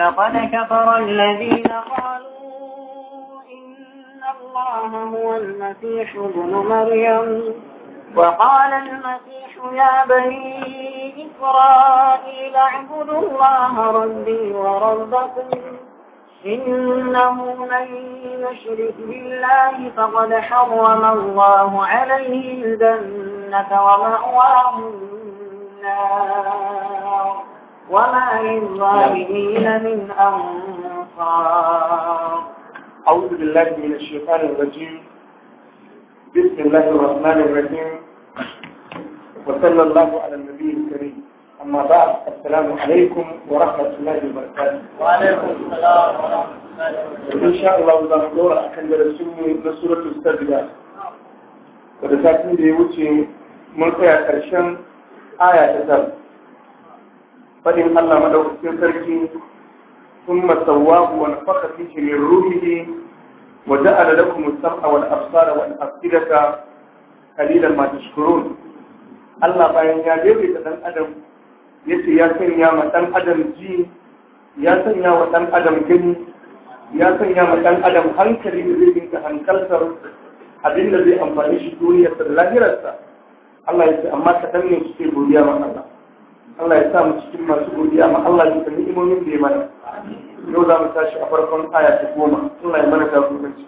لقد كفر الذين قالوا إن الله هو المسيح ابن مريم وقال المسيح يا بني إسرائيل اعبدوا الله ربي وربكم إنه من يشرك بالله فقد حرم الله عليه الجنة ومأواه النار وما للظالمين من أنصار أعوذ بالله من الشيطان الرجيم بسم الله الرحمن الرحيم وصلى الله على النبي الكريم أما بعد السلام عليكم ورحمة الله وبركاته وعليكم السلام ورحمة الله وبركاته إن شاء الله za mu dora akan darasinmu na suratul sajda da satin da ya wuce mun tsaya ƙarshen aya ta tar fadin Allah madaukakin sarki ثم سواه ونفخ فيه من روحه وجعل لكم السمع والابصار والافئده قليلا ما تشكرون Allah bayan ya jefe ta dan adam yace ya sanya ma dan adam ji ya sanya wa dan adam gani ya sanya ma dan adam hankali da zai dinka hankaltar abin da zai amfani shi duniyar da lahirarsa Allah ya ce amma kaɗan ne suke godiya ma Allah Allah ya sa mu cikin masu godiya ma Allah ya kalli imomin da ya mana yau za mu tashi a farkon aya ta goma Allah ya mana jagoranci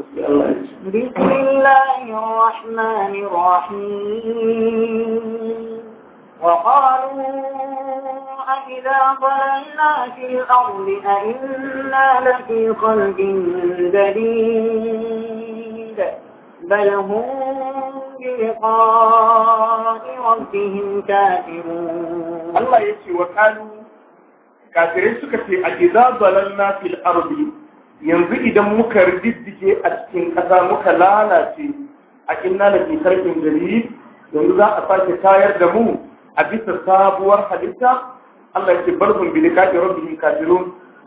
بسم الله الرحمن الرحيم وقالوا أإذا ضللنا في الأرض أئنا لفي خلق جديد بل هم بلقاء ربهم كافرون الله يتي وقالوا kafirai suka ce a yanzu idan muka riddige a cikin ƙasa muka lalace a inna da ke tarkin gari yanzu za a sake tayar da mu a bisa sabuwar halitta Allah ya ce barhum bi liqa'i rabbihim kafiru.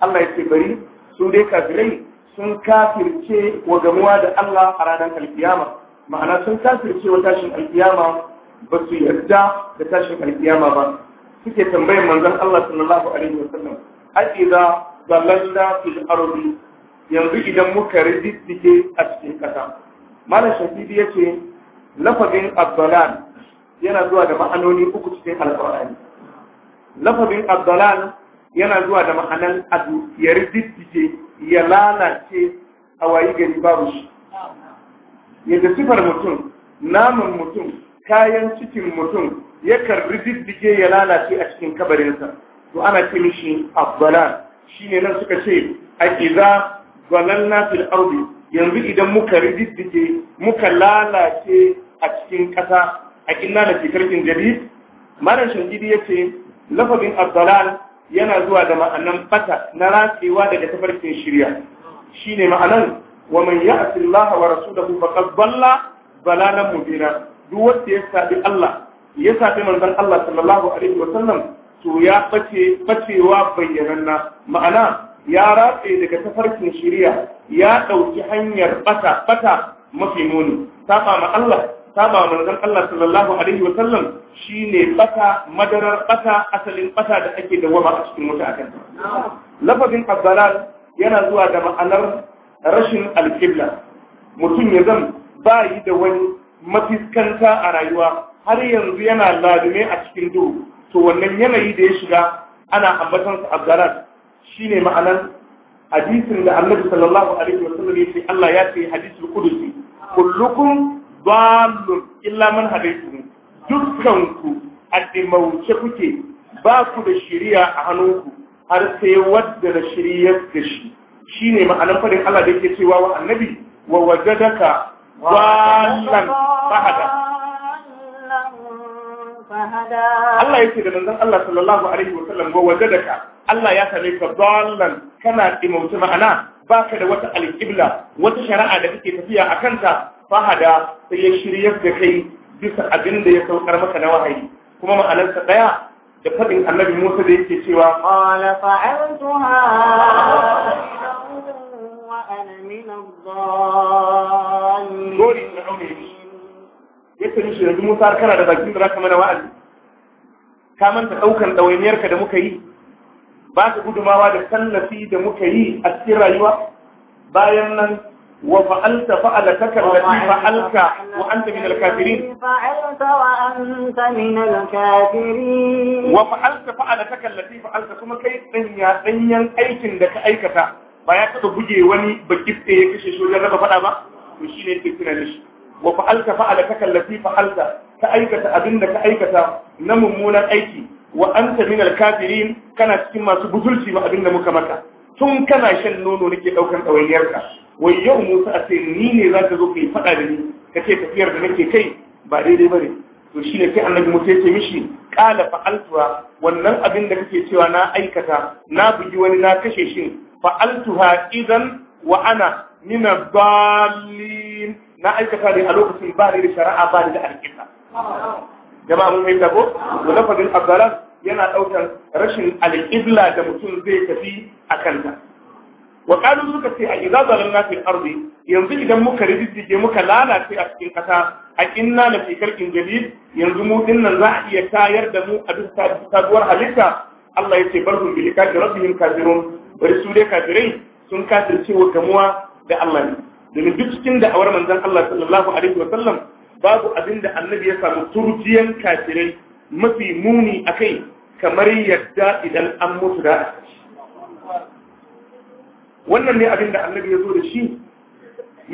Allah ya ce bari su dai kafirai sun kafirce wa gamuwa da Allah a ranar alkiyama ma'ana sun kafirce wa tashin alkiyama ba su yarda da tashin alkiyama ba suke tambayin manzon Allah sallallahu alaihi wasallam aiza zalalla fil ardi yanzu idan muka rijistike a cikin kasa malam shafidi yace lafazin abdalan yana zuwa da ma'anoni uku cikin alqur'ani lafazin abdalan yana zuwa da ma'anan adu ya rijistike ya lalace a wayi gari babu shi yadda sifar mutum naman mutum kayan cikin mutum ya karbi diddige ya lalace a cikin kabarinsa to ana ce mishi abdala ne nan suka ce a iza zalalna fil ardi yanzu idan muka rididdige muka lalace a cikin ƙasa a inna da fikirkin jabi malam shangidi ya ce lafabin abdalal yana zuwa da ma'anan bata na ratsewa daga tafarkin shirya shine ma'anan ومن يعص الله ورسوله فقد ضل ضلالا مبينا duk wanda ya sabi Allah ya sabi manzon Allah sallallahu alaihi wa sallam to ya bace bacewa bayyananna ma'ana ya ratse daga tafarkin shiriya, ya ɗauki hanyar ɓata bata mafi muni saba ma Allah saba manzon Allah sallallahu alaihi wa sallam shine ɓata madarar ɓata, asalin ɓata da ake dawama a cikin wuta akan lafazin abdalal yana zuwa da ma'anar rashin alƙibla mutum ya zan ba yi da wani mafiskanta a rayuwa har yanzu yana ladume a cikin duhu to wannan yanayi da ya shiga ana su abdalat shine ma'anar hadisin da annabi sallallahu alaihi wasallam ya ce Allah ya ce hadisul qudusi kullukum dallun illa man hadaytum dukkanku addimauce kuke ba ku da shiriya a hannunku har sai wadda da shiriyar da shi Shi ne ma'anar fadin Allah da ke cewa wa annabi wa wajadaka wallan fahada Allah yake da manzon Allah sallallahu alaihi wa sallam wa wajadaka Allah ya same ka dallan kana imauta ma'ana ba ka da wata alƙibla wata shari'a da kake tafiya a kanta fahada sai ya shirya da kai bisa abin da ya saukar maka na wahayi kuma ma'anarsa ɗaya da faɗin annabi Musa da yake cewa qala fa'altuha كان من الضالين دوري فرعون yakan yanzu Musa kana da bakin da wa'azi ka manta daukan dawainiyarka da muka yi ba ka gudumawa da tallafi da muka yi a cikin rayuwa bayan nan wa fa'alta fa'alataka allati fa'alta wa anta min kafirin fa'alta wa anta min al-kafirin wa fa'alta fa'alataka allati fa'alta kuma kai danyan aikin da ka aikata ba ya taɓa buge wani bakifte ya kashe shi wajen raba faɗa ba to shi ne yake kira shi wa fa'alta fa'ala ka kallafi fa'alta ka aikata abin da ka aikata na mummunan aiki wa anta minal kafirin kana cikin masu butulci ma abin da muka maka tun kana shan nono nake ɗaukan ɗawainiyarka wai yau musa a ce ni ne za ka zo ka yi faɗa da ni ka ce tafiyar da nake kai ba daidai ba ne to shi ne sai annabi musa ya ce mishi kala fa'altuwa wannan abin da kake cewa na aikata na bugi wani na kashe shi fa'altuha idan wa ana min na aikata ne a lokacin ba ni da shari'a ba ni da alƙibla jama'a mun fahimta ko to lafazin abdalan yana ɗaukar rashin alƙibla da mutum zai tafi a kanta wa suka ce a idza na fi ardi yanzu idan muka rididdige muka lalace a cikin kasa a inna na fi kalkin yanzu mu nan za a iya tayar da mu a duk sabuwar halitta Allah ya ce barhum bi liqa'i rabbihim kafirun bari su dai kafirai sun kafirce wa gamuwa da Allah ne domin duk cikin awar manzon Allah sallallahu alaihi wa sallam babu abin da annabi ya samu turjiyan kafirai mafi muni akai kamar yadda idan an mutu da wannan ne abin da annabi ya zo da shi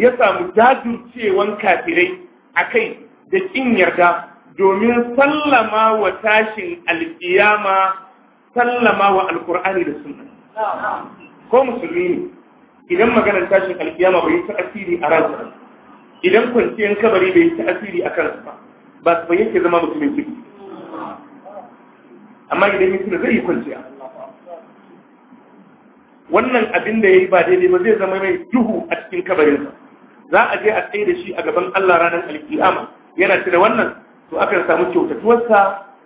ya samu jajircewan kafirai akai da kin yarda domin sallama wa tashin alƙiyama sallama wa alƙur'ani da sunna ko musulmi ne idan maganar tashin alkiyama bai yi asiri a ransa idan kwanciyar kabari bai yi asiri a kansa ba ba su yake zama musulmin ciki amma idan yi zai yi kwanciya wannan abin da ya yi ba daidai ba zai zama mai duhu a cikin kabarinsa za a je a tsaye da shi a gaban Allah ranar alkiyama yana da wannan to akan samu kyautatuwarsa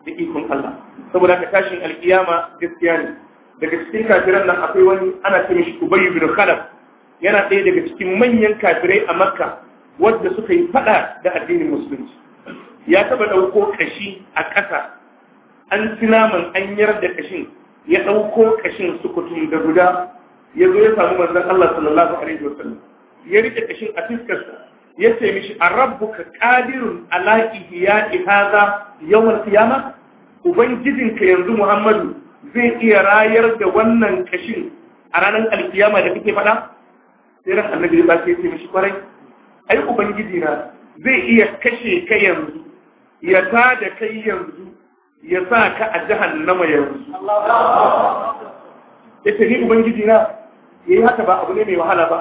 da ikon Allah saboda ka tashin alkiyama gaskiya ne daga cikin kafiran nan akwai wani ana ce mishi Ubay bin Khalaf yana ɗaya daga cikin manyan kafirai a Makka wanda suka yi fada da addinin musulunci ya taba ɗauko kashi a ƙasa an ci naman an yarda kashin ya ɗauko kashin sukutun da guda ya zo ya samu manzon Allah sallallahu alaihi wasallam ya rike kashin a fiskarsa ya ce mishi a rabbuka qadirun ala ihya'i hadha yawm al-qiyamah ubangijinka yanzu Muhammadu zai iya rayar da wannan kashin a ranar alkiyama da kake faɗa sai ran annabi ya bace ce mishi kwarai ai ubangiji na zai iya kashe ka yanzu ya ta da kai yanzu ya sa ka a jahannama yanzu yace ni ubangiji na yayi haka ba abu ne mai wahala ba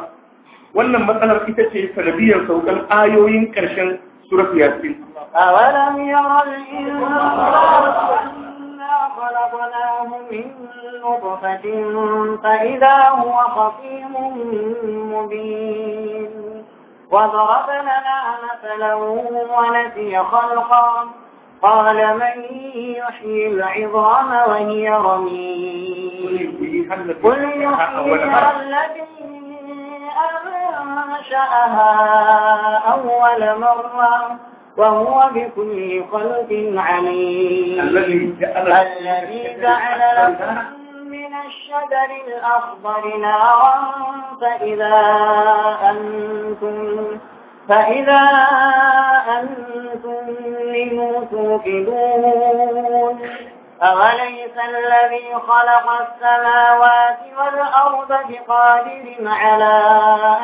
wannan matsalar ita ce sanadiyar saukan ayoyin ƙarshen surat yasin خلقناه من نطفة فإذا هو خصيم مبين وضرب لنا مثلا ونسي خلقا قال من يحيي العظام وهي رميم قل يحييها الذي أنشأها أول مرة وهو بكل خلق عليم الذي جعل لكم من الشجر الأخضر نارا فإذا أنتم فإذا أنتم منه توقدون أوليس الذي خلق السماوات والأرض بقادر على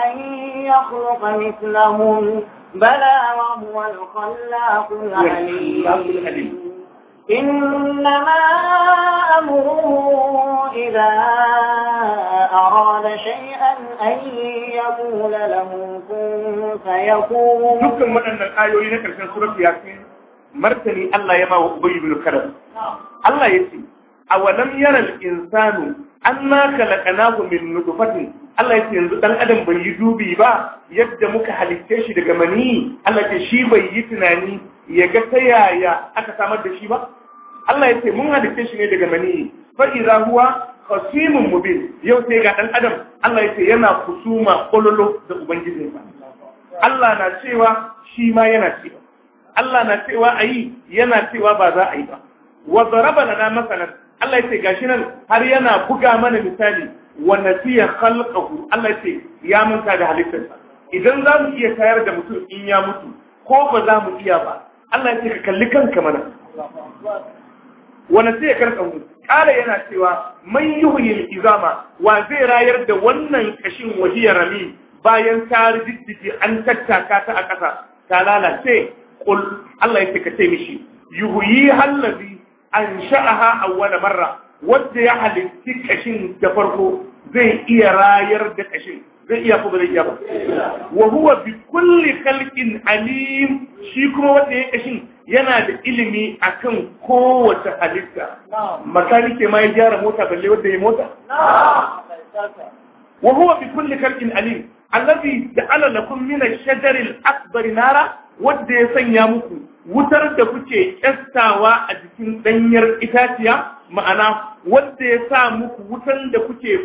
أن يخلق مثلهم بلى وهو الخلاق العليم إنما أمره إذا أراد شيئا أن يقول له كن فيكون دكتور من أن الآية هنا كان سورة ياسين مرتني الله يما وأبي بن كرم الله يسي أولم يرى الإنسان anna khalaqnahu min nutfatin Allah yace yanzu dan adam bai yi dubi ba yadda muka halitte shi daga mani Allah yace shi bai yi tunani ya ga ta yaya aka samar da shi ba Allah yace mun halitte shi ne daga mani fa idza huwa khasimun mubin yau sai ga dan adam Allah yace yana kusuma kololo da sa. Allah na cewa shi ma yana cewa Allah na cewa ayi yana cewa ba za a yi ba wa darabana na masalan Allah ya ce gashi nan har yana buga mana misali wa nasiya khalqahu Allah ya ya manta da halittarsa idan za mu iya tayar da mutum in ya mutu ko ba za mu iya ba Allah ya ka kalli kanka mana wa nasiya khalqahu kala yana cewa man yuhyil izama wa zai rayar da wannan kashin wahiya rami bayan ta rijiddi an tattaka ta a ƙasa ta lalace kul Allah ya ce ka ce mishi yuhyi hallazi an sha'aha wani marra Wadda ya halitti kashin da farko zai iya rayar da kashin zai iya ko ba zai iya ba wa huwa bi kulli khalqin alim shi kuma wadda ya kashin yana da ilimi akan kowace halitta makanike ma ya gyara mota balle wanda ya mota wa huwa bi kulli khalqin alim da ja'ala lakum min ash-shajari al-akbar nara wanda ya sanya muku wutar da kuke kyastawa a jikin ɗanyar itaciya ma'ana wanda ya sa muku wutan da kuke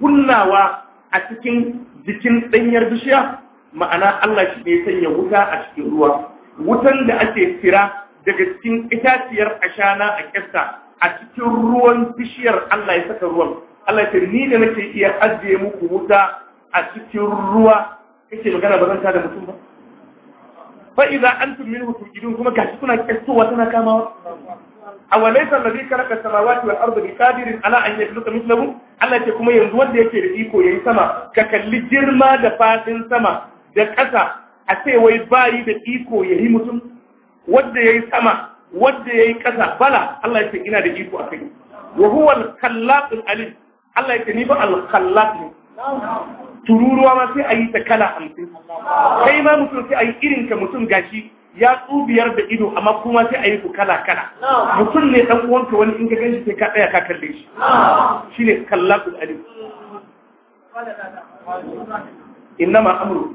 kunnawa a cikin jikin ɗanyar bishiya ma'ana Allah shi ne sanya wuta a cikin ruwa wutan da ake fira daga cikin itaciyar ashana a kyasta a cikin ruwan bishiyar Allah ya saka ruwan Allah ya ni da nake iya ajiye muku wuta a cikin ruwa kake magana ba zan da mutum ba fa idza antum minhu tujidun kuma gashi kuna kyattowa tana kamawa awalaysa alladhi khalaqa samawati wal arda biqadirin ala an yakhluqa mithlahu Allah ce kuma yanzu wanda yake da iko yayi sama ka kalli girma da fadin sama da ƙasa a ce wai bayi da iko yayi mutum wanda yayi sama wanda yayi ƙasa bala Allah ce ina da iko a kai wa huwa al-khallaq al-alim Allah ce ni ba al-khallaq ne tururuwa ma sai a yi ta kala hamsin kai ma mutum sai a yi irin ka mutum gashi ya tsubiyar da ido amma kuma sai a yi ku kala kala mutum ne dan uwanka wani in ka ganshi sai ka tsaya ka kalle shi shine kallakul alim ma amru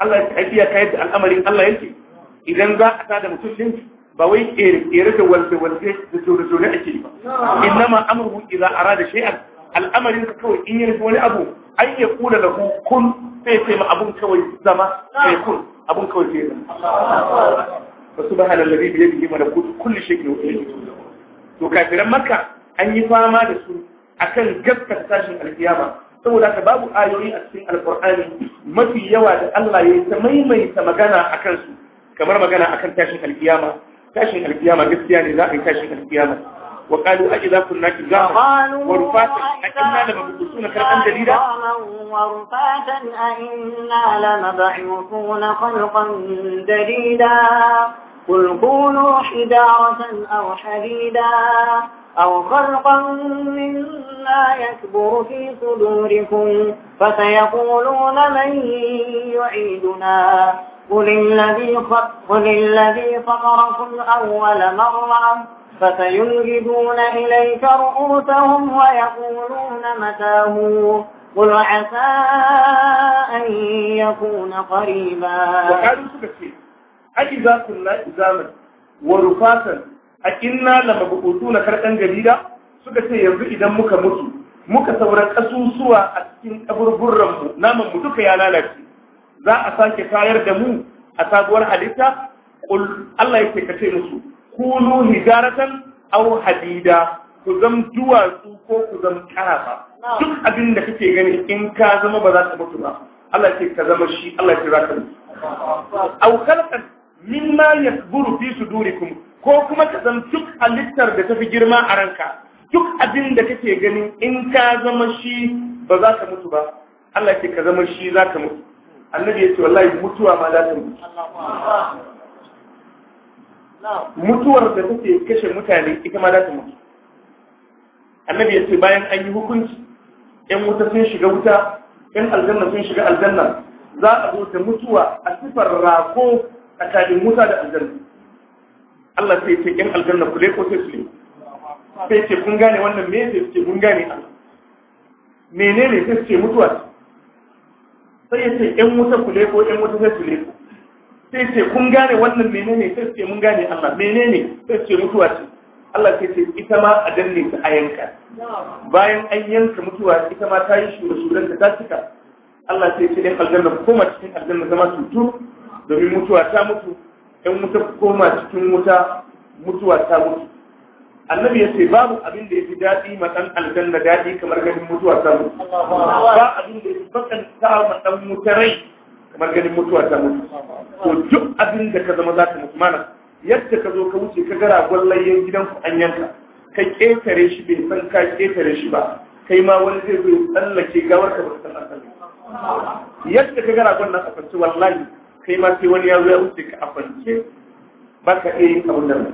Allah ya tafiya ka yadda al'amarin Allah yake idan za a tada mutum din ba wai kere kere da walde walde da tsoro tsoro ake ba Inna innama amru idza arada shay'an al'amarin ka kawai in yi wani abu an ya kula da kun sai sai ma abun kawai zama sai kun abun kawai sai zama wasu ba halar lari biyar biyu mana kulli shekin wakil to kafiran makka an yi fama da su akan gaskar tashin alkiyama saboda ka babu ayoyi a cikin alkur'ani mafi yawa da Allah ya yi ta maimaita magana a kansu kamar magana akan tashin alkiyama tashin alkiyama gaskiya ne za a yi tashin alkiyama وقالوا أئذا كنا كذابا ورفاتا أئنا لمبعوثون خلقا جديدا ورفاتا أئنا لمبعوثون خلقا جديدا قل كونوا حجارة أو حديدا أو خلقا مما يكبر في صدوركم فسيقولون من يعيدنا قل الذي, قل الذي فطركم أول مرة فسيلجدون إليك رؤوسهم ويقولون متاهوا قل عسى أن يكون قريبا وقالوا سكتين أجزاء كنا إزاما ورفاسا أكنا لمبعوثون خلقا جديدا سكتين يبقى إذا مكا مكي muka saura kasusuwa a cikin kaburburranmu naman mu duka ya lalace za a sake tayar da mu a sabuwar halitta Allah ya ce ka ce musu kunu hijaratan aw hadida ku zam duwatsu ko ku zam karafa duk abin da kake gani in ka zama ba za ka mutu ba Allah ce ka zama shi Allah ce za ka mutu aw khalqan mimma yakburu fi sudurikum ko kuma ka zam duk halittar da tafi girma a ranka duk abin da kake gani in ka zama shi ba za ka mutu ba Allah ce ka zama shi za ka mutu annabi ya ce wallahi mutuwa ma za ta mutu mutuwar da kuke kashe mutane ita ma za ta mutu annabi ya ce bayan an yi hukunci yan wuta sun shiga wuta yan aljanna sun shiga aljanna za a zo da mutuwa a sifar rako tsakanin wuta da aljanna Allah sai ce yan aljanna ku ko sai su sai ce kun gane wannan me sai ce kun gane Allah menene sai ce mutuwa sai ya ce yan wuta ku ko yan wuta sai su leko sai ce kun gane wannan menene sai ce mun gane Allah menene sai ce mutuwa ce Allah sai ce ita ma a danne ta a yanka bayan an yanka mutuwa ita ma ta yi shure-shuren ta tasika, Allah sai ce dai aljanna koma cikin aljanna zama tutu domin mutuwa ta mutu ɗan wuta koma cikin wuta mutuwa ta mutu annabi ya ce babu abin da ya fi daɗi ma ɗan aljanna daɗi kamar ganin mutuwa ta mutu ba abin da ya fi bakan ma ɗan rai kamar ganin mutuwa ta mutu to duk abin da ka zama za ka mutu mana yadda ka zo ka wuce ka ga ragon layyan gidanku an yanka ka ƙetare shi bai san ka ƙetare shi ba kai ma wani zai zo tsallake gawar ka ba san asali yadda ka ga ragon nan a farce wallahi kai ma sai wani ya zo ya wuce ka a farce ba ka iya yin abin da ba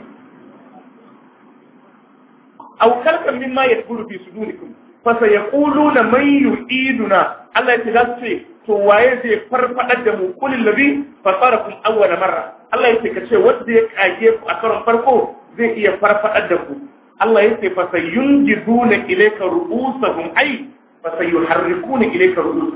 aukar kan min ma ya gudu fi sudurikum fa sayaquluna man yu'iduna Allah ya ce za su ce to waye zai farfadar da mu kulil ladhi kun awwala marra Allah ka ce wanda ya kage ku a karon farko zai iya farfadar da ku Allah yake fa sayunjiduna ilayka ru'usahum ay fa sayuharrikuna ilayka ru'us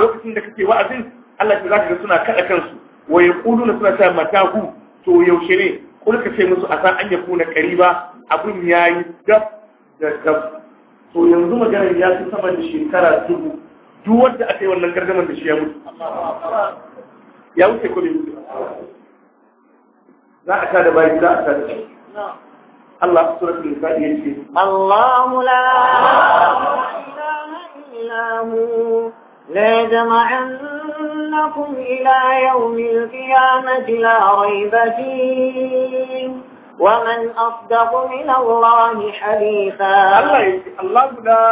lokacin da kake wa'azin Allah ya zaka suna kada kansu wa yaquluna suna ta matahu to yaushe ne kun kace musu asan an yakuna qariba abun yayi gab da gab to yanzu maganar ya fi sama da shekara dubu duk wanda aka yi wannan gargamar da shi ya mutu ya wuce ko bai mutu za a ta da bayi za a ta da shi Allah suratul nisa'i yace Allahu la ilaha illa hu لا يجمعنكم إلى يوم القيامة لا ريب فيه ومن أصدق من الله حديثا الله لا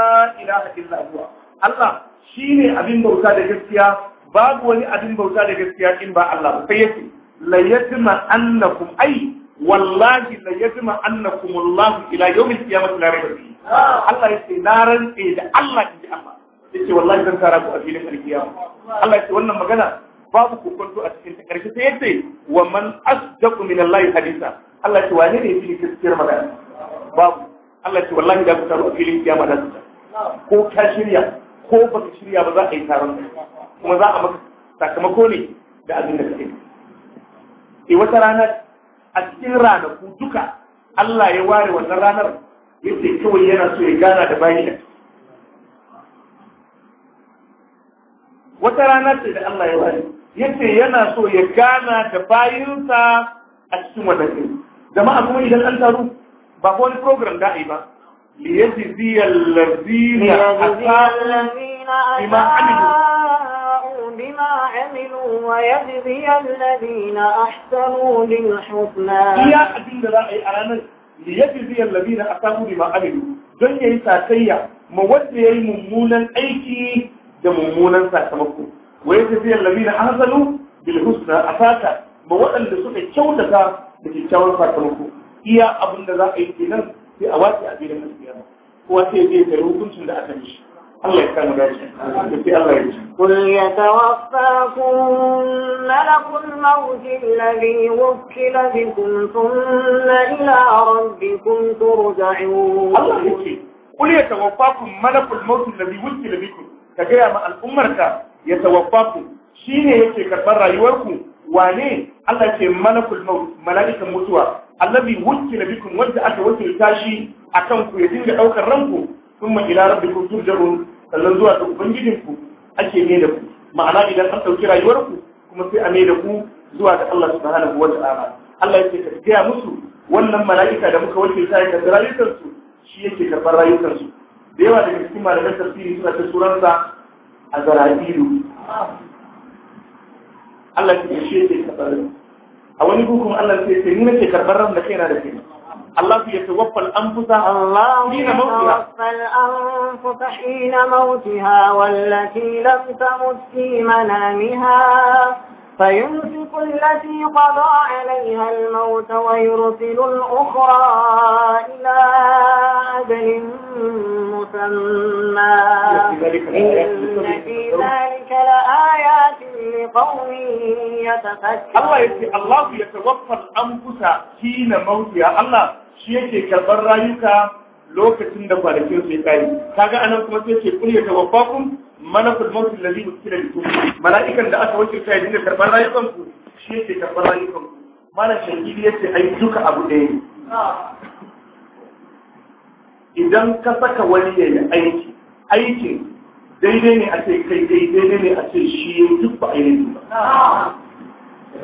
إله إلا هو الله Shi ne abin bauta da gaskiya babu wani abin bauta da gaskiya in ba Allah ba sai yace la yajma annakum ai. wallahi la yajma annakum Allah ila yawmil qiyamati la rayba fihi Allah yace na rantse da Allah inji Allah yace wallahi zan tara ku a filin alkiyama Allah yace wannan magana babu kokonto a cikin karshe sai yace wa man asdaqu min Allah hadisa Allah yace wane ne yake gaskiyar magana babu Allah yace wallahi da ku taro a filin kiyama da ku ko ka shirya ko ba ka shirya ba za a yi taron kuma za a maka sakamako ne da abin da kake e wata rana a cikin ranaku duka Allah ya ware wannan ranar yace kawai yana so ya gana da bayi wata rana ce da Allah ya ware yace yana so ya gana da bayinsa a cikin wannan jama'a kuma idan an taru ba wani program da yi ba ليجزي الذين أساءوا بما عملوا بما عملوا ويجزي الذين أحسنوا بالحسنى يا أدين رأي أنا ليجزي الذين أساءوا بما عملوا don ya yi sakayya ma wanda ya yi mummunan aiki da mummunan sakamako wa ya tafi yallami na hasalu bil husna a fata ma waɗanda suka kyautata da kyakkyawan sakamako iya abin za a yi sai a wace a gidan masu kuma sai zai tare hukuncin da aka mishi Allah ya kama dace da sai Allah ya ce kun ya tawaffa kun malakun mawuji lalli wukila bikun sun ila rabbikum turja'un Allah ya ce kun ya tawaffa kun malakun mawuji lalli wukila bikun ka gaya ma al'ummarka ya tawaffa ku shine yake karban rayuwarku wane Allah ce malakul maut mala'ikan mutuwa allazi wukila bikum wanda aka wakilta shi akan ku ya dinga daukar ranku kuma ila rabbikum turja'un sannan zuwa ga ubangijinku ake ne da ku ma'ana idan an dauki rayuwarku kuma sai a ne da ku zuwa ga Allah subhanahu wa ta'ala Allah ya ce ka gaya musu wannan mala'ika da muka wakilta ya karɓi su shi yake karɓar rayukansu da yawa daga cikin malaman tafsiri suna ta suransa a zara'ilu Allah ya ce shi yake karɓar a wani hukun Allah sai sai nuna ke karɓar ran da kai na da kai Allah ku yasa waffal an fusa hina mautiha mautiha فيمسك التي قضى عليها الموت ويرسل الأخرى إلى أجل مسمى إن في ذلك لآيات لقوم يتفكرون الله يتي الله يتوفى الأنفس حين موتها الله شيء كبر رأيك lokacin da kwanakin sai kare kaga anan kuma sai ce kulli tawaffakum malakul mawt alladhi wukila bikum mala'ikan da aka wakilta ya dinga karɓar rayukan ku shi yake karban rayukan ku malam shahidi yace ai duka abu ɗaya ne idan ka saka wani ya yi aiki aikin daidai ne a ce kai kai daidai ne a ce shi ya duk ba a yi ba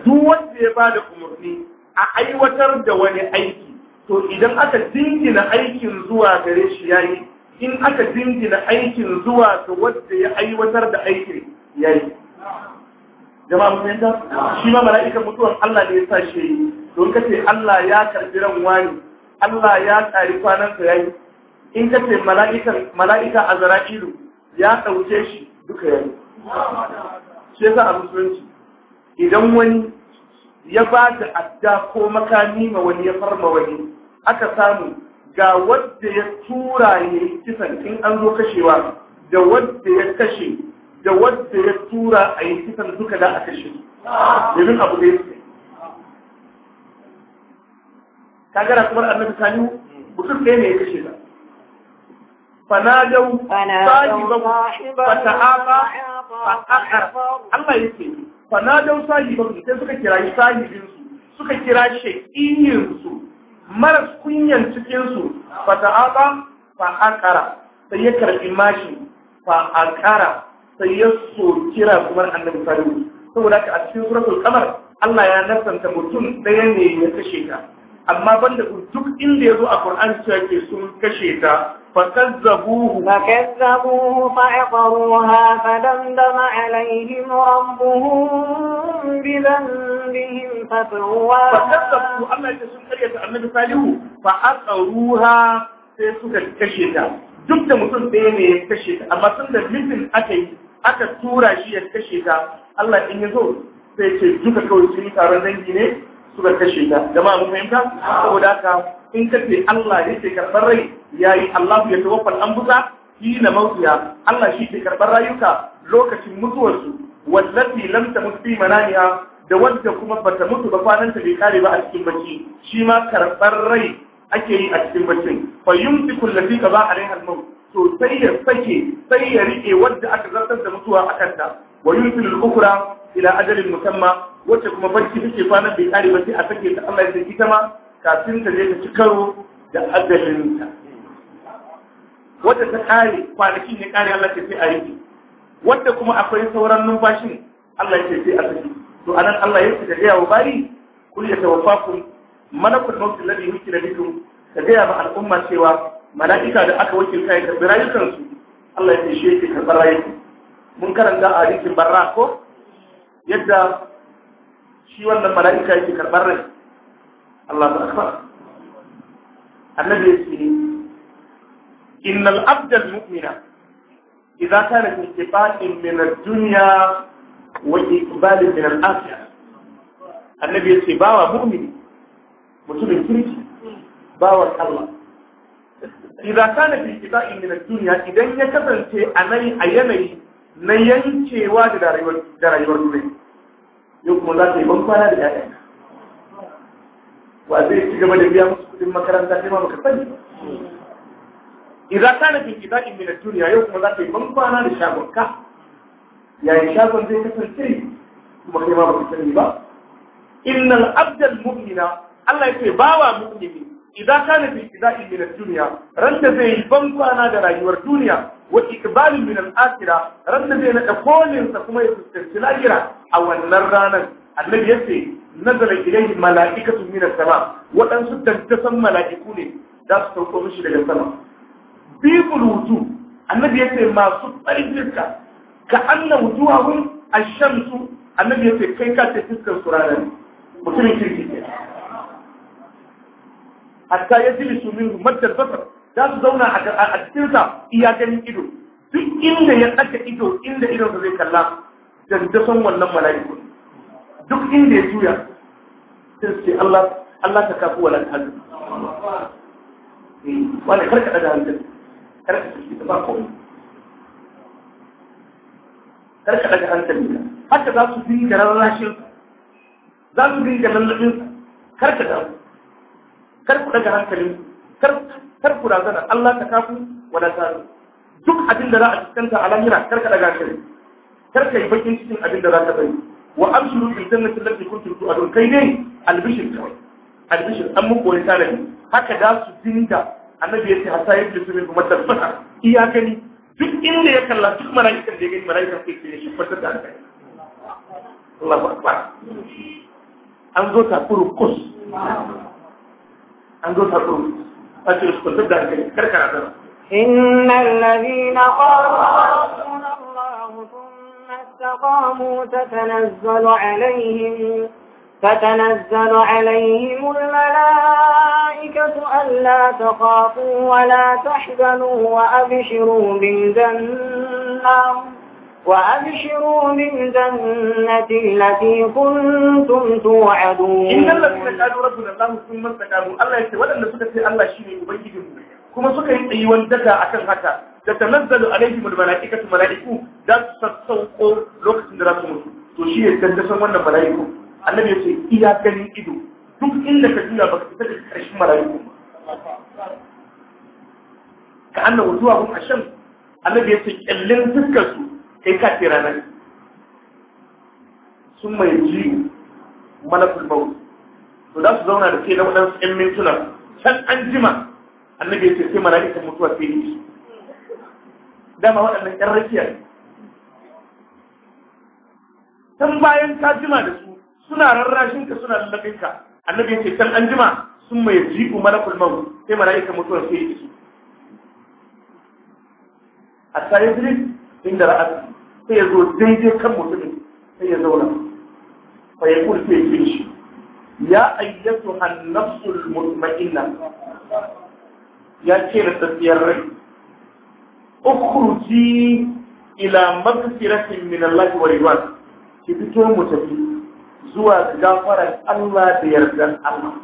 duk wanda ya ba da umarni a aiwatar da wani aiki to idan aka dingina aikin zuwa gare shi ya yi in aka dingina aikin zuwa ga wadda ya aiwatar da aikin yayi jama'a mun yanda shi ma mala'ikan mutuwan Allah ne ya sa shi yi don kace Allah ya karbi ran wani Allah ya tsari kwanan sa yayi in kace mala'ikan mala'ika azra'ilu ya dauke shi duka yayi shi yasa a musulunci idan wani ya ba da adda ko makami ma wani ya farma wani aka samu ga wadda ya tura ya yi kisan in an zo kashewa da wadda ya kashe da wadda ya tura a yi kisan duka da a kashe domin abu da ya ce ka gara kuma annabi sani mutum ɗaya ne ya kashe ta fanadau sahibahu fata'aqa fa'aqar Allah yake sahibahu sai suka kira sahibinsu suka kira shekiyinsu maras kunyan cikinsu fa ta'aba fa akara sai ya karbi mashi fa akara sai ya kira kuma annabi sallallahu saboda ka a cikin suratul qamar Allah ya nasanta mutum ɗaya ne ya kashe ta amma banda duk inda ya zo a Qur'ani cewa ke sun kashe ta فكذبوه فكذبوه فعقروها فدمدم عليهم ربهم بذنبهم فتواها فكذبوا أما يتسون قرية النبي صالح فعقروها سيسوك الكشيتا duk da mutum ɗaya ne ya kashe ta amma tun da mijin aka tura shi ya kashe ta Allah in ya zo sai ce duka kawai taron dangi ne suka kashe ta jama'a mun fahimta in ka ce Allah yake karɓar rai yi Allah ya tawaffal shi hina mawtiya Allah shi ke karɓar rayuka lokacin mutuwarsu wallati lam tamut fi mananiha da wadda kuma bata mutu ba kwananta bai kare ba a cikin bacci shi ma karɓar rai ake yi a cikin baccin fa yumsiku allati qada alaiha al to sai ya sake sai ya rike wadda aka zartar da mutuwa a kanta wa yumsiku al-ukhra ila ajalin musamma wacce kuma bacci take kwanan bai kare ba sai a sake ta Allah ya saki ta ma kafin ta je ta ci karo da adalinta wadda ta kare kwanakin ne kare Allah ce sai a yi wadda kuma akwai sauran numfashin Allah ce sai a saki to anan Allah ya ce da gaya wa bari kun ya tawaffakum malakul maut ladhi yukila bikum ka gaya ma al'umma cewa mala'ika da aka wakilta ya karbi rayukansu Allah ya ce shi yake karbar rayukansu mun karanta a cikin barra ko yadda shi wannan mala'ika yake karbar rai Allah ba akbar annabi ya ce innal abdal mu'mina idza kana fi ittifaqin min ad-dunya wa iqbalin annabi ya ce bawa mu'mini mutumin kirki bawan Allah idan kana fi duniya idan ya kasance a yanayi na yankewa da rayuwar duniya yau kuma za ta yi ban kwana da yaya. wa zai ci gaba da biya musu kuɗin makaranta sai ma baka sani idan kana fi kitabin min ad-dunya yau kuma za ka yi bankwana da shagon ka yayin shagon zai kasance kuma kai ma baka sani ba innal abdal mu'mina Allah ya ce bawa mu'mini idan kana fi kitabin min ad duniya ran da zai yi bankwana da rayuwar duniya wa ikbalin min al-akhirah ran da zai naɗa kolin sa kuma ya fuskanci lahira a wannan ranar annabi ya ce nazala ilayhi mala'ikatu min as-sama waɗansu dantasan mala'iku ne za su sauko mishi daga sama bi wudu annabi ya ce masu farin fiska ka anna wujuhahum ash-shamsu annabi ya ce kai ka ce fiskar su mutumin kirki ne hatta ji su min Matar basar za su zauna a cikin sa iya ganin ido duk inda ya tsaka ido inda idonsa zai kalla dantasan wannan mala'iku ne duk inda ya juya sun su ce Allah Allah ta kafu wala ta hannu eh, wani karka daga hankali karka suke ta ba komai karka daga hankali haka za su ganar rarrashin za su dinga lallabin karka da karku daga hankalin karku zana, Allah ta kafu wala ta hannu duk abin da za a cikanta a lamira karka ɗaga hankali karka yi bakin cikin abin da za ta bari wa abshiru bil jannati allati kuntum tu'adun kai ne albishir kawai albishir an muku wani tanadi haka da su dinga annabi ya ce hasa yadda su min kuma tabbata iya kani duk inda ya kalla duk mala'ikan da ya gani mala'ikan sai ya shubbatar da kai Allahu akbar an zo ta kuru kus an zo ta takuru a ce su kuntar da alkai karkara da إن الذين قالوا استقاموا تتنزل عليهم فتنزل عليهم الملائكة ألا تخافوا ولا تحزنوا وأبشروا بالجنة وأبشروا بالجنة التي كنتم توعدون إن الذين قالوا ربنا الله ثم استقاموا الله يقول ولن سكت الله شيء يبين كما سكت أيوان دكا أكن هكا tatanazzalu alaihim almalaikatu malaiku da su sassauko lokacin da za su mutu to shi ne dandasan wannan malaiku annabi ya ce, iya ganin ido duk inda ka juya baka fita da karshen malaiku ka annabi zuwa gun ashan annabi yace kyallin fuskar su kai ka tira nan sun mai ji malakul maut to za su zauna da kai na wadansu 'yan mintuna can an jima annabi ya ce sai mala'ikan mutuwa sai yi dama waɗannan ƴan rakiya ne Tan bayan ka jima da su suna rarrashin ka suna lallabin ka annabi ce can an jima sun mai jiku malakul maut sai mala'ika mutuwar sai ya su a tsayin inda ra'asi sai ya zo daidai kan mutumin sai ya zauna fa ya kuri sai ya shi ya ayyatu hannafsul mutma'inna ya ce da tafiyar rai ukhruji ila maghfiratin min Allah wa ridwan ki fito mu tafi zuwa gafaran Allah da yardan Allah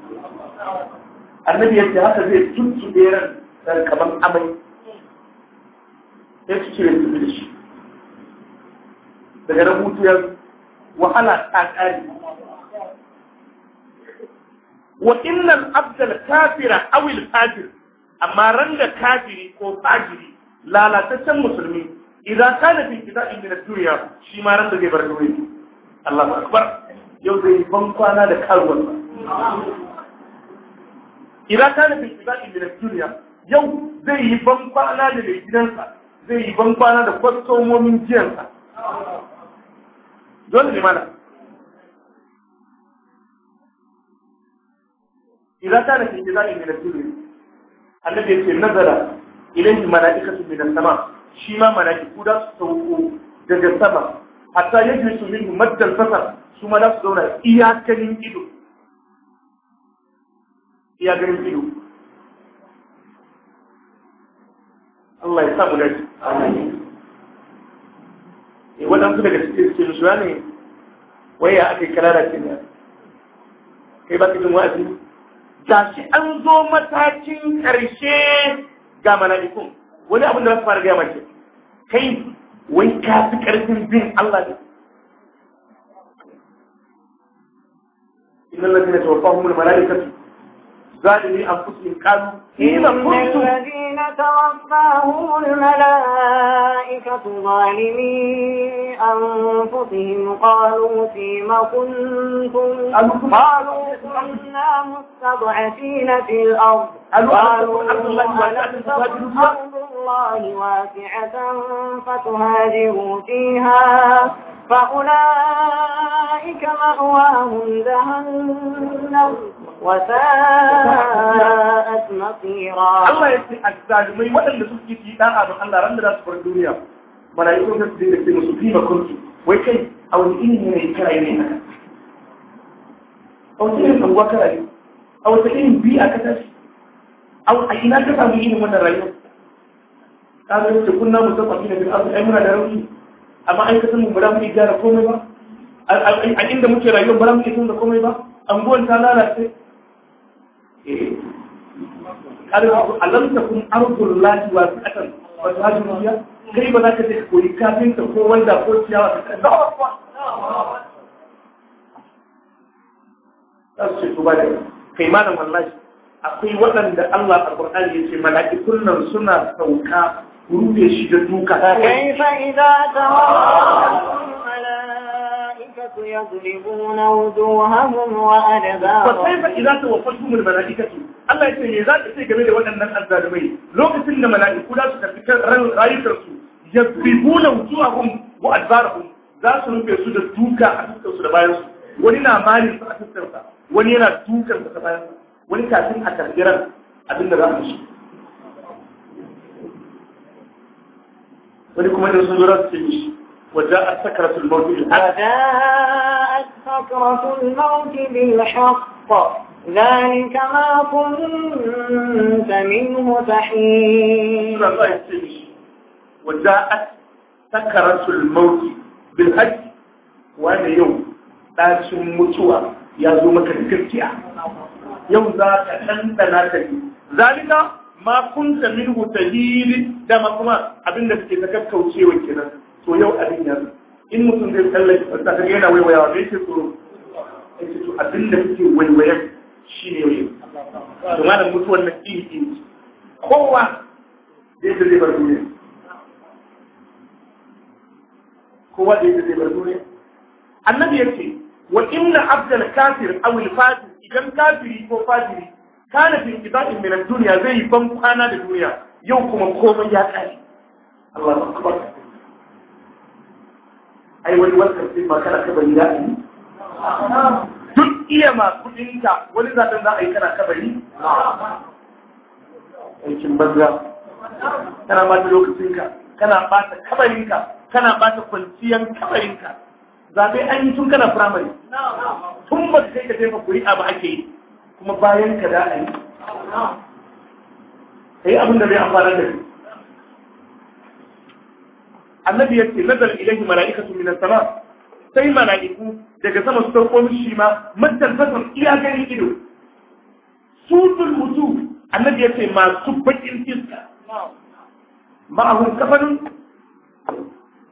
annabi yace haka zai tuntu beran dan kaman amai yace ce tafi da shi daga ya wahala ta kare wa innal abdal kafira awil fajir amma ranga kafiri ko fajiri lalataccen musulmi idan da fi kita in da duniya, shi ma ran da zai bar duniya Allahu akbar yau zai ban kwana da karuwar sa idan da fi kita in da duniya, yau zai yi ban kwana da mai gidansa zai yi ban kwana da kwastomomin jiyansa dole ne mana idan da fi kita in da duniya, Allah bai ce nazara ilaihi mala'ikatu min sama shi ma mala'iku da su sauko daga sama hatta yaji su min maddan fasar su ma da su zauna iyakanin ido iyakanin ido Allah ya samu dace amin eh waɗansu daga cikin cikin su ne waya ake kira da kenya kai ba ka jin wa'azi da shi an zo matakin ƙarshe ga mala'ikun wani abin da za su fara gaya mace kai wai ka fi karfin bin Allah ne inna innal ladina tawaffahumul mala'ikatu zalimi anfusihim qalu إن الذين توفاهم الملائكة ظالمي أنفسهم قالوا فيما كنتم قالوا كنا مستضعفين في الأرض قالوا أرض الله واسعة فتهاجروا فيها فأولئك مأواهم جهنم وساءت Allah ya ce a jajimai waɗanda suke fi ɗan abin Allah ran da za su bar duniya. Mana yi kuma su zai da su fi ba Wai kai, a wani ini ne mai kira yi ne A wani irin kanguwa kira A wani irin bi a kasa A ina ka samu ini wannan rayuwa. Ka zai kunna mu san ƙwaƙi da bin muna da rauni. Amma ai ka san ba mu iya gyara komai ba. A inda muke rayuwa ba mu iya canza komai ba. Anguwan ta lalace. alam takun ardullahi wasi'atan wa tuhajiru kai ba za ka je koyi kafinta ko wanda ko ciyawa ka su ce da kai malam akwai waɗanda Allah yace mallaki kunnan suna sauka rufe shi da duka kaifa Allah ya ce me za ka ce game da waɗannan azzalumai lokacin da mala'iku za su tafi rayukansu yadribuna wujuhahum wa adbarahum za su rufe su da duka a dukkan su da bayan su wani na mali sa a dukkan sa wani yana dukan sa da bayan sa wani kafin a karbiran abin da za a shi wani kuma da sun zura su ce mishi وجاءت سكرة الموت بالحق وجاءت سكرة الموت بالحق ذلك ما كنت منه تحيد وجاءت سكرة الموت بالحج وانا يوم ɗacin mutuwa ya zo maka da yau za ka ɗanɗana ta yi zalika ma kun ta min hutahili dama kuma abinda suke ta kakkaucewa kenan to yau abin ya in mutum zai tsallake ta yana waiwayawa me yake tsoro yake to abinda suke waiwayen shi ne yau kuma da mutuwar na iri iri kowa da yadda zai bar duniya kowa da yadda zai bar duniya annabi ce wa inna abdal kafir aw al fajir idan kafiri ko fajiri kana fi ibadin min ad-dunya zai ban kwana da duniya yau kuma komai ya kare Allah akbar ai wani wannan sai ma kana ka bayyana iya masu ka wani zaɓen za a yi kana kabari? Aikin banza. Kana lokacin lokacinka, kana bata kabarinka, kana bata kwanciyar kabarinka. Zaɓe an yi tun kana firamare. Tun ba ka kai ka taimaka kuri abu ake yi, kuma bayan ka da a yi. Ka yi abin da bai amfana da shi. Annabi ya ce, Nazar ilahi mala'ikatu minas sama' sai mala'iku daga sama su sauko shi ma matantasan iya gani ido sufin mutu annabi ya ce masu bakin fiska ma'ahun kafanin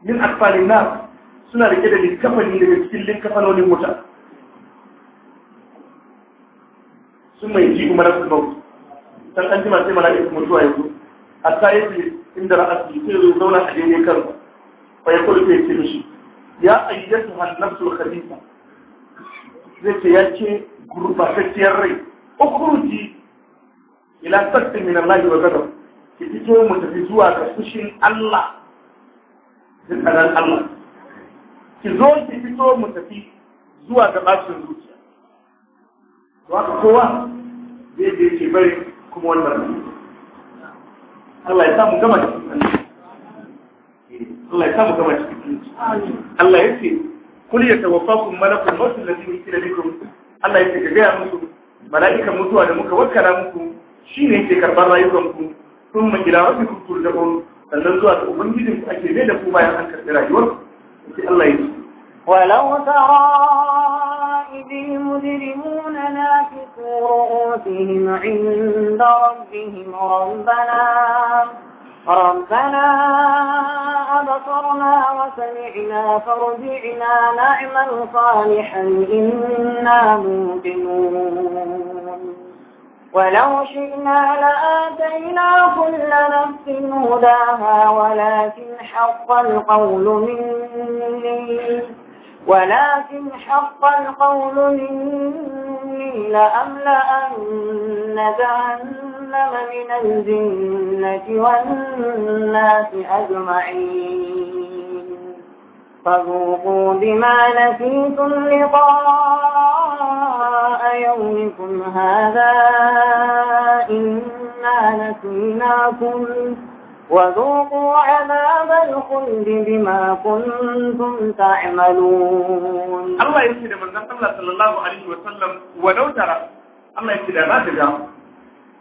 min akfalin na suna rike da likafani daga cikin likafanonin wuta sun mai ji kuma rasu bau san an jima sai mala'iku a yanzu a ta yi inda ra'asi sai zo zauna a daidai kan fa ya kulfe ce mishi ya ayyatuha nafsul khabitha zai ce ya ce gurbatacciyar rai ukhruji ila sakti min Allah wa gado ki fito mu tafi zuwa ga fushin Allah zai tsaron Allah ki zo ki fito mu tafi zuwa ga bacin zuciya to haka kowa zai je ki bari kuma wannan Allah ya samu gama da Allah ya samu gama cikin Allah ya ce kul ya tawaffakum malakul maut alladhi yukila bikum Allah ya ce ga gaya musu mala'ika mutuwa da muka wakkala muku shine yake karbar rayukanku sun ma ila da turja'un sannan zuwa ga ubangijin ku ake mai da ku bayan an karbi rayuwar sai Allah ya ce walau tara إذ المجرمون ناكسوا رؤوسهم عند ربهم ربنا ربنا بصرنا وسمعنا فارجعنا نعمل صالحا إنا موقنون ولو شئنا لآتينا كل نفس هداها ولكن حق القول مني ولكن حق القول مني لأملأن جهنم جهنم من الجنة والناس أجمعين فذوقوا بما نسيتم لقاء يومكم هذا إنا نسيناكم وذوقوا عذاب الخلد بما كنتم تعملون الله يسلم من الله صلى الله عليه وسلم ولو ترى الله يسلم ما تجاه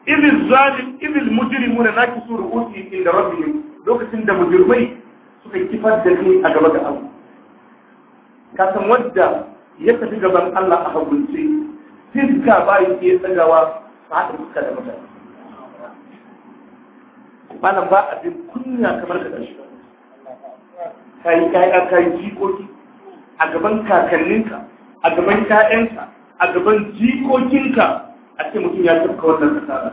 idil zalim na mujrimuna nakisu ru'usi inda ne lokacin da mujirmai suka kifar da ni a gaba da abu ka san wanda ya tafi gaban Allah a hagunce fiska bai ke tsagawa ba a fuska da mutane malam ba abin kunya kamar da kashi kai ka yi jikoki a gaban kakanninka a gaban ka'yanka a gaban jikokinka a ce mutum ya tafka wannan kasara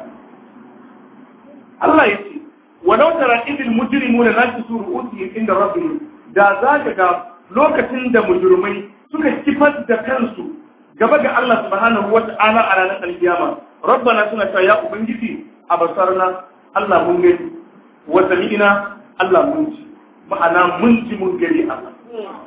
Allah ya ce walau tara idil su nakisu ru'usihim inda rabbihim da za ka ga lokacin da mujrimai suka kifar da kansu gaba ga Allah subhanahu wata'ala a ranar alkiyama rabbana suna cewa ya ubangiji a basarna Allah mun gani wa sami'ina Allah mun ji ma'ana mun ji mun gani Allah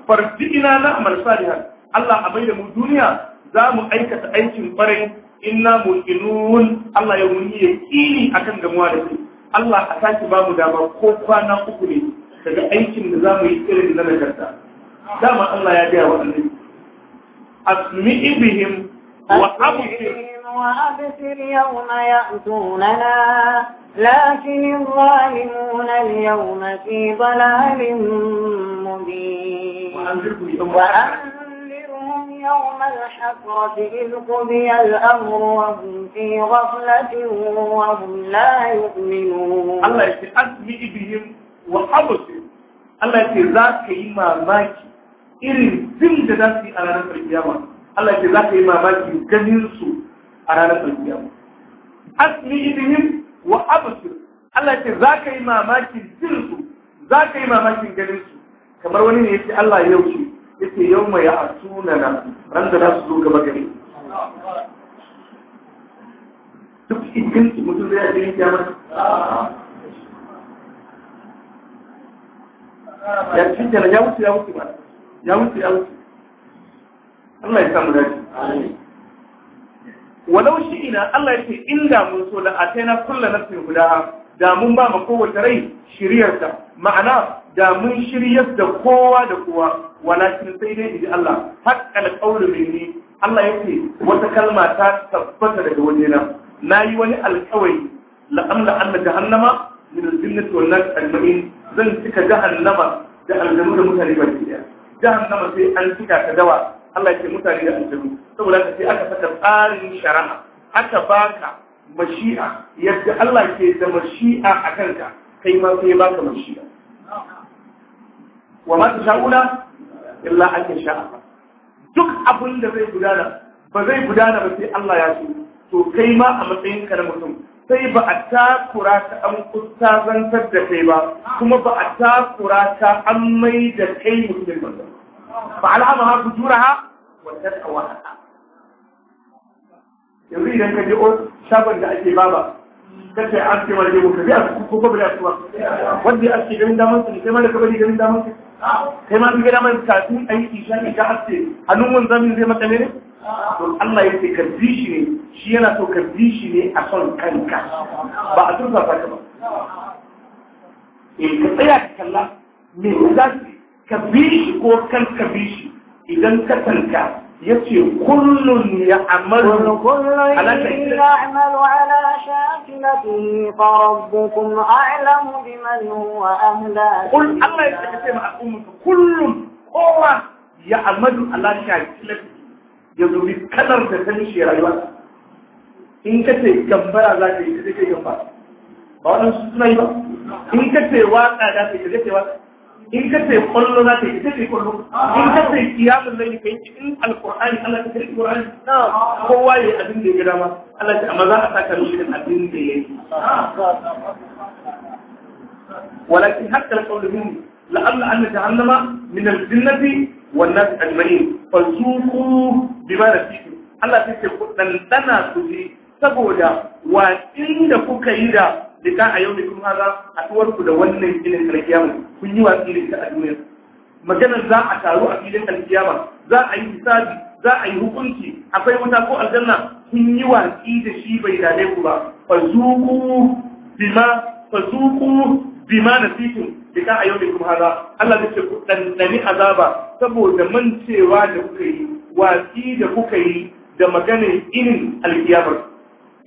farji'ina na amal salihan Allah a bai da mu duniya za mu aikata aikin kwarai inna muqinun Allah ya muni yakini akan gamuwa da shi Allah a sake ba mu dama ko kwana uku ne daga aikin da za mu yi irin na nagarta dama Allah ya gaya wa annabi asmi'i bihim wa absir lakin يوم يأتوننا لكن الظالمون اليوم في ضلال مبين وأنذرهم يوم الحفرة إذ قضي الأمر وهم في غفلة وهم لا يؤمنون الله يتعذب بهم وحبسهم Allah ce za ka mamaki irin zin da za su yi a ranar ƙarfiyama, Allah ce za ka mamaki ganinsu a ranar ƙarfiyama. Asmi idihim wa abusir, Allah ce za ka mamaki zinsu, za ka mamaki ganinsu, kamar wani ne ya ce Allah yau ce, yake yau mai a tunana ran da za su zo gaba gari duk su mutum zai yaɗe yin kyamar ya ci jana ya wuce ya wuce ba ya wuce ya wuce Allah ya samu dace walau shi ina Allah ya ce da mun so da a na kulla nafsin guda da mun ba ma kowace rai shiryarta ma'ana da mun shiryar da kowa da kowa walakin sai dai inji Allah haqqal qawlu minni Allah yake wata kalma ta tabbata daga wajena nayi wani alkawari la amla anna jahannama min al-jinnati nas ajma'in zan cika jahannama da aljanu da mutane baki daya jahannama sai an cika ta dawa Allah yake mutane da aljanu saboda haka sai aka saka tsarin shari'a aka baka mashi'a yadda Allah ke da mashi'a a kanka kai ma sai baka mashi'a wa ma tasha'una illa an ya sha'afa. duk abin da zai gudana ba zai gudana ba sai Allah ya so to kai ma a matsayin ka na mutum sai ba a takura ka an kusantar da kai ba kuma ba a takura ka an mai da kai mutumin ba. ba al'ama ha fujuraha wa taqwa yanzu idan ka je shagon da ake baba kace an ce mara jebo ka biya ko ko bari a ba. wanda ake ganin daman su ne, sai da ka bari ganin daman su Sai ma gida mai tafi a yi isha ne ta haske hannun wanzamin zai maka ne don Allah ya ce shi ne shi yana so bi shi ne a son kanka ba a turfa ka ba in eh, ka tsaya ka kalla me za ka bi shi ko kan ka bi shi idan ka tanka yace kullun ya amalu ya'malu ala shakinatihi fa rabbukum a'lamu biman huwa ahla qul Allah ya kace ma ummatu kullun kowa ya ala shakinatihi ya zuri kalar da ta nishi rayuwa in kace gambara za ka yi ta take gamba ba wannan suna yi ba in kace waka za ka yi ta take waka in ka sai kwallo za ta yi ita ce kwallo in ka sai kiyamun nan ka yi in alkur'ani Allah ta kai alkur'ani kowa ya abin da ya gida ma Allah ta amma za a saka mishi abin da ya yi walakin hatta qawluhum la'alla an jahannama min al-jinnati wan nas ajma'in fazuqu bima nasitu Allah ta ce ku dandana ku ji saboda wa inda kuka yi da lika a yau da kuma haza a tuwar ku da wannan filin alkiyama kun yi watsi da ita a duniya maganar za a taru a filin alkiyama za a yi hisabi za a yi hukunci akwai wata ko aljanna kun yi watsi da shi bai dade ku ba fazuku bima fazuku bima nasikum lika a yau da kuma haza Allah zai ce ku dandani azaba saboda mancewa da kuka yi watsi da kuka yi da maganar inin alkiyamar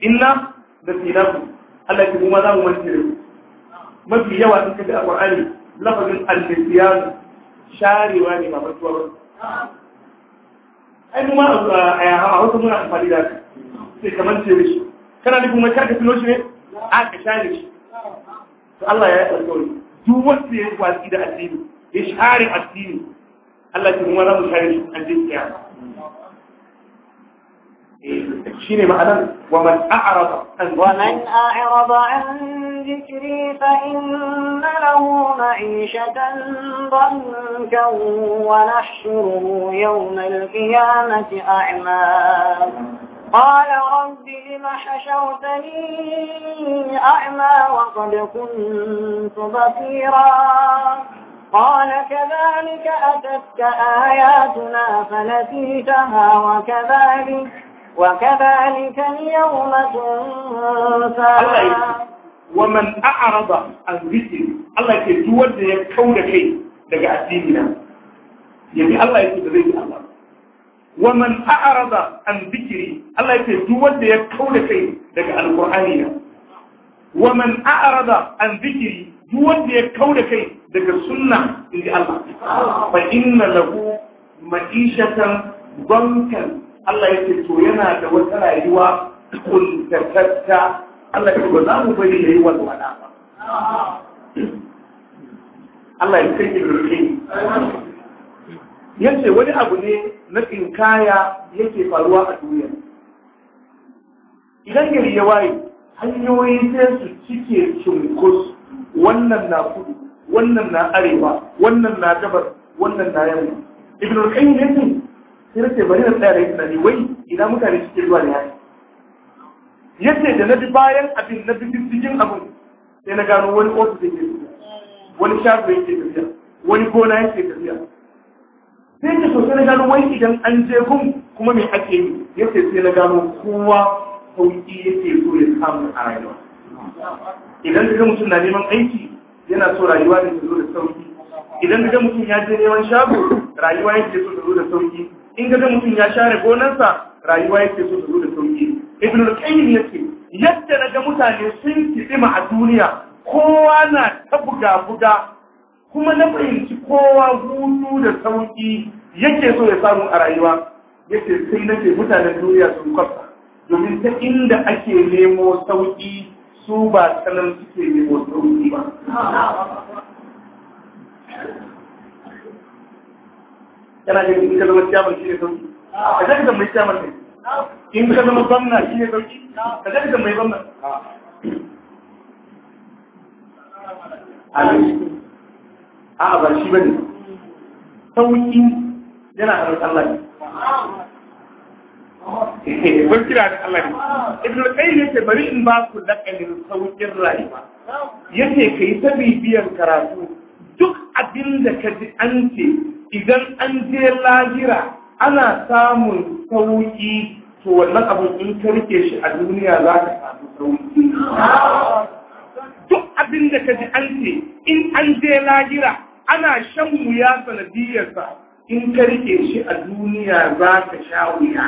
inna nasinakum Allah ki kuma za mu wanke da mafi yawa sun kaji a Qur'ani lafazin al-nisyan sharewa ne ba mutuwa ba ai mu ma a wasu muna amfani da sai kamar ce shi kana nufin wani karka tuno shi ne a ka share shi to Allah ya yi alƙawari duk wanda ya yi watsi da addini ya share addini Allah ki kuma za mu share shi addini kiyama ومن أعرض عن ومن أعرض عن ذكري فإن له معيشة ضنكا ونحشره يوم القيامة أعمى قال رب لم حشرتني أعمى وقد كنت بصيرا قال كذلك أتتك آياتنا فنسيتها وكذلك وكذلك اليوم تنسى ومن أعرض عن ذكري الله يتوى يكون شيء daga addinina yabi Allah yake da zai Allah wa man an dhikri Allah yake duk wanda ya kauda kai daga alqur'ani na wa man an dhikri duk kai daga sunna inji ma'ishatan bankan Allah yake to yana da wata rayuwa kuntatatta Allah ya ba za mu bari yayi walwala ba Allah ya kai rufi yace wani abu ne na tsinkaya yake faruwa a duniya idan gari ya waye hanyoyi sai su cike cunkus wannan na kudu wannan na arewa wannan na gabar wannan na yamma ibn al-qayyim sai na ce bari na tsaya da yi tunani wai idan mutane suke zuwa ne haka yace da na bi bayan abin na bi diddigin abin sai na gano wani ofis yake tafiya wani shago yake tafiya wani gona yake tafiya sai ke so sai na gano wai idan an je gun kuma me ake yi yace sai na gano kowa sauki yake so ya samu a rayuwa idan ka mutum na neman aiki yana so rayuwa da ta zo da sauki idan ka mutum ya je neman shago rayuwa yake so ta zo da sauki in ga mutum ya share gonarsa rayuwa yake so ta zo da sauki ibn al-qayyim yake yadda naga mutane sun ɗima a duniya kowa na ta buga buga kuma na fahimci kowa hutu da sauki yake so ya samu a rayuwa yake sai nake mutanen duniya sun kwafta domin ta inda ake nemo sauki su ba sanan suke nemo sauki ba yana da in ka zama ciyaman shi ne sauki ah. ka zaka da mai ciyaman ne ah. in ka zama gwamna shi ne sauki ah. ka zaka da mai gwamna amin a'a ba shi bane sauki yana da Allah ne kun kira da Allah ne ibn al-qayyim yace bari in ba ku lakalin saukin rayuwa yace kai ta bibiyar karatu duk abin da ka ji an ce idan an je lahira ana samun sauki to wannan abin in ka rike shi a duniya za ka samu sauki duk abin da ka ji an ce in an je lahira ana shan wuya sanadiyarsa in ka rike shi a duniya za ka sha wuya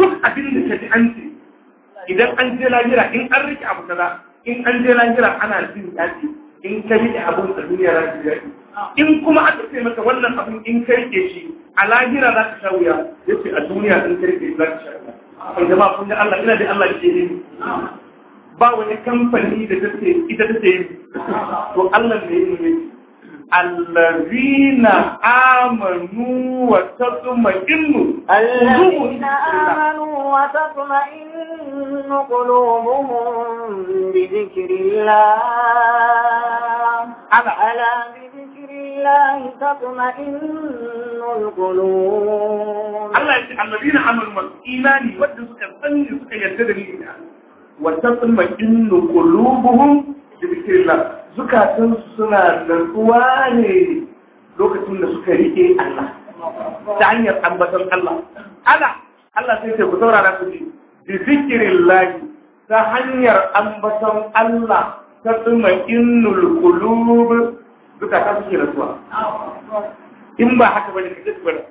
duk abin da ka ji an ce idan an je lahira in an rike abu kaza in an je lahira ana jin daɗi in ka rike abin a duniya za ka ji daɗi in kuma aka ce maka wannan abin in karke shi a lahira za ka sha wuya ya ce a duniya in karke za ka sha wuya jama'a kun ga Allah ina da Allah ke ba wani kamfani da take ita take yi to Allah ne yi ne الذين آمنوا وتطمئن الذين آمنوا وتطمئن قلوبهم بذكر بالله تطمئن القلوب الله يجعل الذين عملوا إيماني ودسك الثاني يسك يتدري وتطمئن قلوبهم بذكر الله zukatan suna nutsuwa ne lokacin da suka rike Allah ta hanyar ambaton Allah ala Allah sai ce ku saurara ku ji bi zikrillahi ta hanyar ambaton Allah ta tsuma innul qulub zukatan suke rasuwa in ba haka bane ka je ka gwada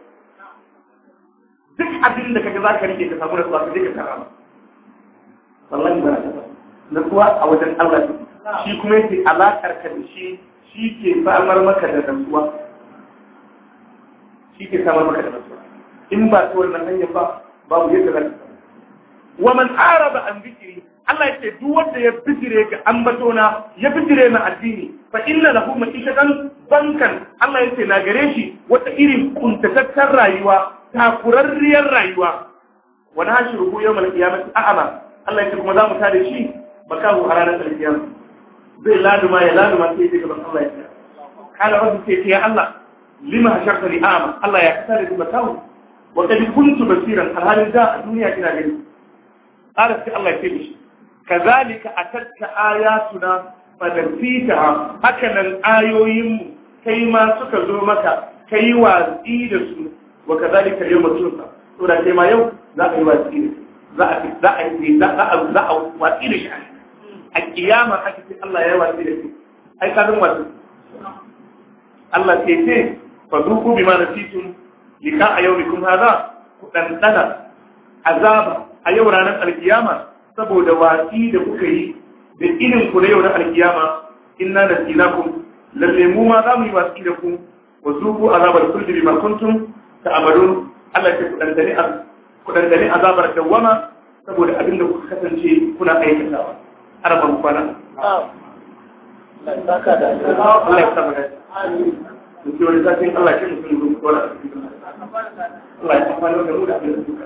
duk abin da kaga ka rike ka samu rasuwa ka je ka karama wallahi ba na rasuwa a wajen Allah shi kuma yake alakar ka da shi shi ke samar maka da rasuwa shi ke samar maka da rasuwa in ba ta wannan hanyar ba babu yadda za zaka wa man araba an zikiri Allah ya ce duk wanda ya fitire ga ambatona ya fitire ma addini fa inna lahu ma'ishatan bankan Allah ya ce na gare shi wata irin kuntatattar rayuwa takurarriyar rayuwa wa nahshuruhu yawmal qiyamati a'ama Allah ya ce kuma za mu tare shi bakahu a ranar alkiyama zai laduma ya laduma sai ya gaban Allah ya ce kala wasu ce ya Allah lima hasharta ni a'ama Allah ya kasar da bakahu wa kad kuntu basiran alhalin da a duniya ina gani qala sai Allah ya ce shi. kazalika atatta ayatuna fadarfitaha haka hakanan ayoyinmu kai ma suka zo maka kai watsi da su wa kazalika yawma tunsa to da kai ma yau za ka yi watsi za a za a za a za a da shi a kiyama haka da shi Allah ce fa lika a yau ku azaba a yau ranar alkiyama saboda watsi da kuka yi da irin ku na yau na alkiyama inna nasinakum lalle mu ma za mu yi watsi da ku wa zuku azabar kulli bima kuntum ta'malun Allah ya kudandani kudandani azabar dawama saboda abin da kuka kasance kuna aikatawa araban kwana Allah ya saba da Mutum wani zafin Allah ke mutum zuwa Allah ya amfani da mu da abin da suka.